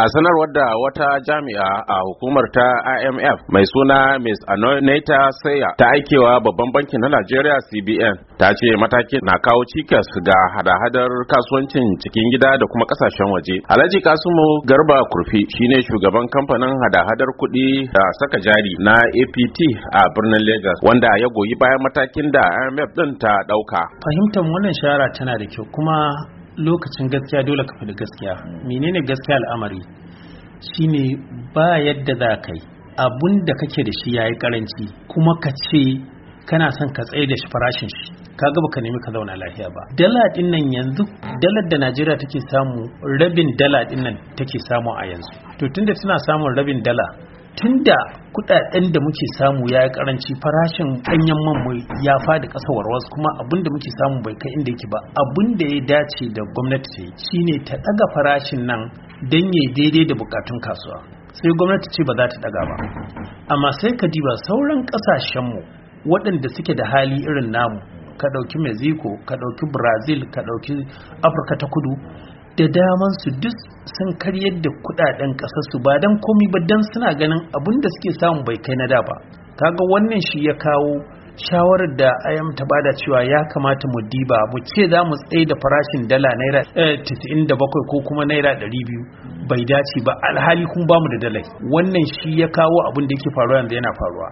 a sanarwar da wata jami'a a hukumar ta imf mai suna ms anonita Seya ta aikewa babban banki na najeriya cbn ta ce matakin na kawo cikas ga hada-hadar kasuwancin cikin gida da kuma kasashen waje alhaji kasumu garba kurfi shine shugaban kamfanin hada-hadar kuɗi da saka jari na apt a birnin lagos wanda ya goyi bayan matakin da imf din ta ɗauka fahimtar wannan shara tana da kyau kuma lokacin gaskiya dole ka faɗi gaskiya menene gaskiya al'amari shine ba yadda za ka yi abun da kake da shi ya yi karanci kuma ka ce kana son ka tsaye da shi farashin shi Ka gaba ka nemi ka zauna lafiya ba dala din nan yanzu dalar da Najeriya take samu rabin dala din nan take samu a yanzu to tunda suna samun rabin dala tunda kudaden da muke samu ya yi karanci farashin ganyen man mu ya fadi kasa warwas kuma abin da muke samu bai kai inda yake ba abin da ya dace da gwamnati ce shine ta daga farashin nan don ya daidai da bukatun kasuwa sai gwamnati ce ba za ta daga ba amma sai ka diba sauran mu waɗanda suke da hali irin namu ka ɗauki mexico ka ɗauki brazil ka ɗauki afirka ta kudu da daman su duk sun karyar da kudaden kasar su ba dan komi ba dan suna ganin abin da suke samu bai kai na da ba kaga wannan shi ya kawo shawarar da ayam ta bada cewa ya kamata mu diba mu ce za mu tsaye da farashin dala naira 97 eh, ko kuma naira 200 bai dace ba alhali kun bamu da dalai wannan shi ya kawo abin da yake faruwa yanzu yana faruwa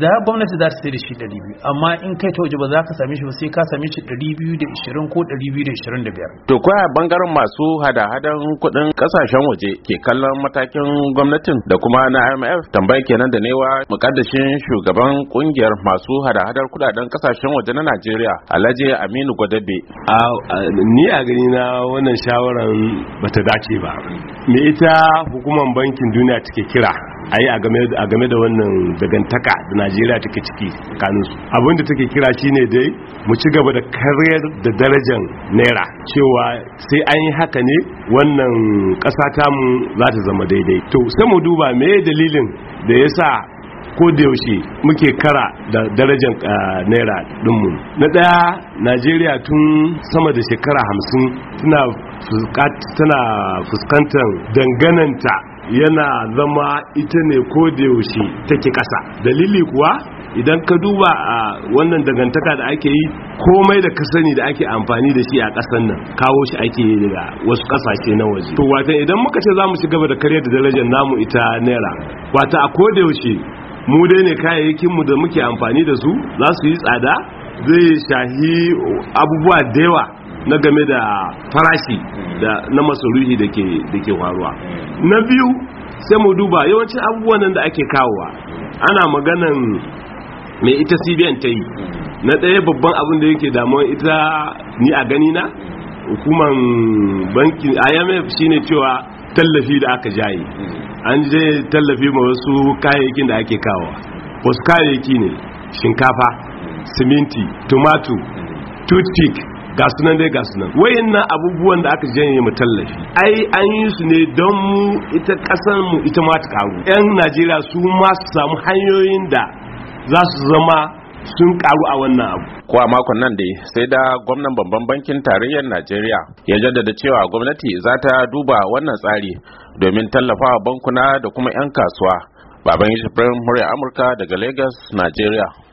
za gwamnati za ta sai da shi 200 amma in kai ta waje ba za ka same shi ba sai ka same shi 220 ko 225 to kwaya bangaren masu hada-hadan kudin kasashen waje ke kallon matakin gwamnatin da kuma na IMF tambayi kenan da newa mukaddashin shugaban kungiyar masu hada-hadar kudaden kasashen waje na Najeriya Alhaji Aminu Gwadabe a ni a gani na wannan shawaran bata dace ba me ita hukumar bankin duniya take kira a yi a game da wannan dagantaka da najeriya take ciki tsakaninsu abinda take kira shine dai mu ci gaba da karyar da darajar naira cewa sai an yi haka ne wannan ƙasa mu za ta zama daidai to sai mu duba me dalilin da ya sa ko da yaushe muke kara da darajar eh, naira dinmu na daya najeriya tun sama da shekara hamsin tana fuskantar dangananta yana zama ita ne ko da yaushe take kasa dalili kuwa idan ka duba a wannan dangantaka da ake yi komai da ka sani da ake amfani da shi a ƙasan nan kawo shi ake yi daga wasu ƙasashe na waje to wata idan muka ce za mu ci da karya da darajar namu ita naira wata a ko da yaushe mu dai ne kayayyakin mu da muke amfani da su za su yi tsada zai shahi abubuwa da yawa na game da farashi da na masarufi da ke faruwa na biyu sai mu duba yawancin abubuwan da ake kawowa ana maganan mai ita cbn ta yi na ɗaya babban abin da yake damuwa ita ni a gani na hukuman bankin imf shine cewa tallafi da aka jaye an je tallafi ma wasu kayayyakin da ake kawo wasu kayayyaki ne shinkafa siminti tomato toothpick ga sunan dai ga wayin na abubuwan da aka janye mu tallafi ai an yi su ne don mu ita kasar mu ita ma ta karu yan Najeriya su ma su samu hanyoyin da za su zama sun karu a wannan abu. Ko a makon nan dai sai da gwamnan babban bankin tarayyar Najeriya ya jaddada cewa gwamnati za ta duba wannan tsari domin tallafawa bankuna da kuma 'yan kasuwa. Baban Yusuf Murya Amurka daga Lagos, Najeriya.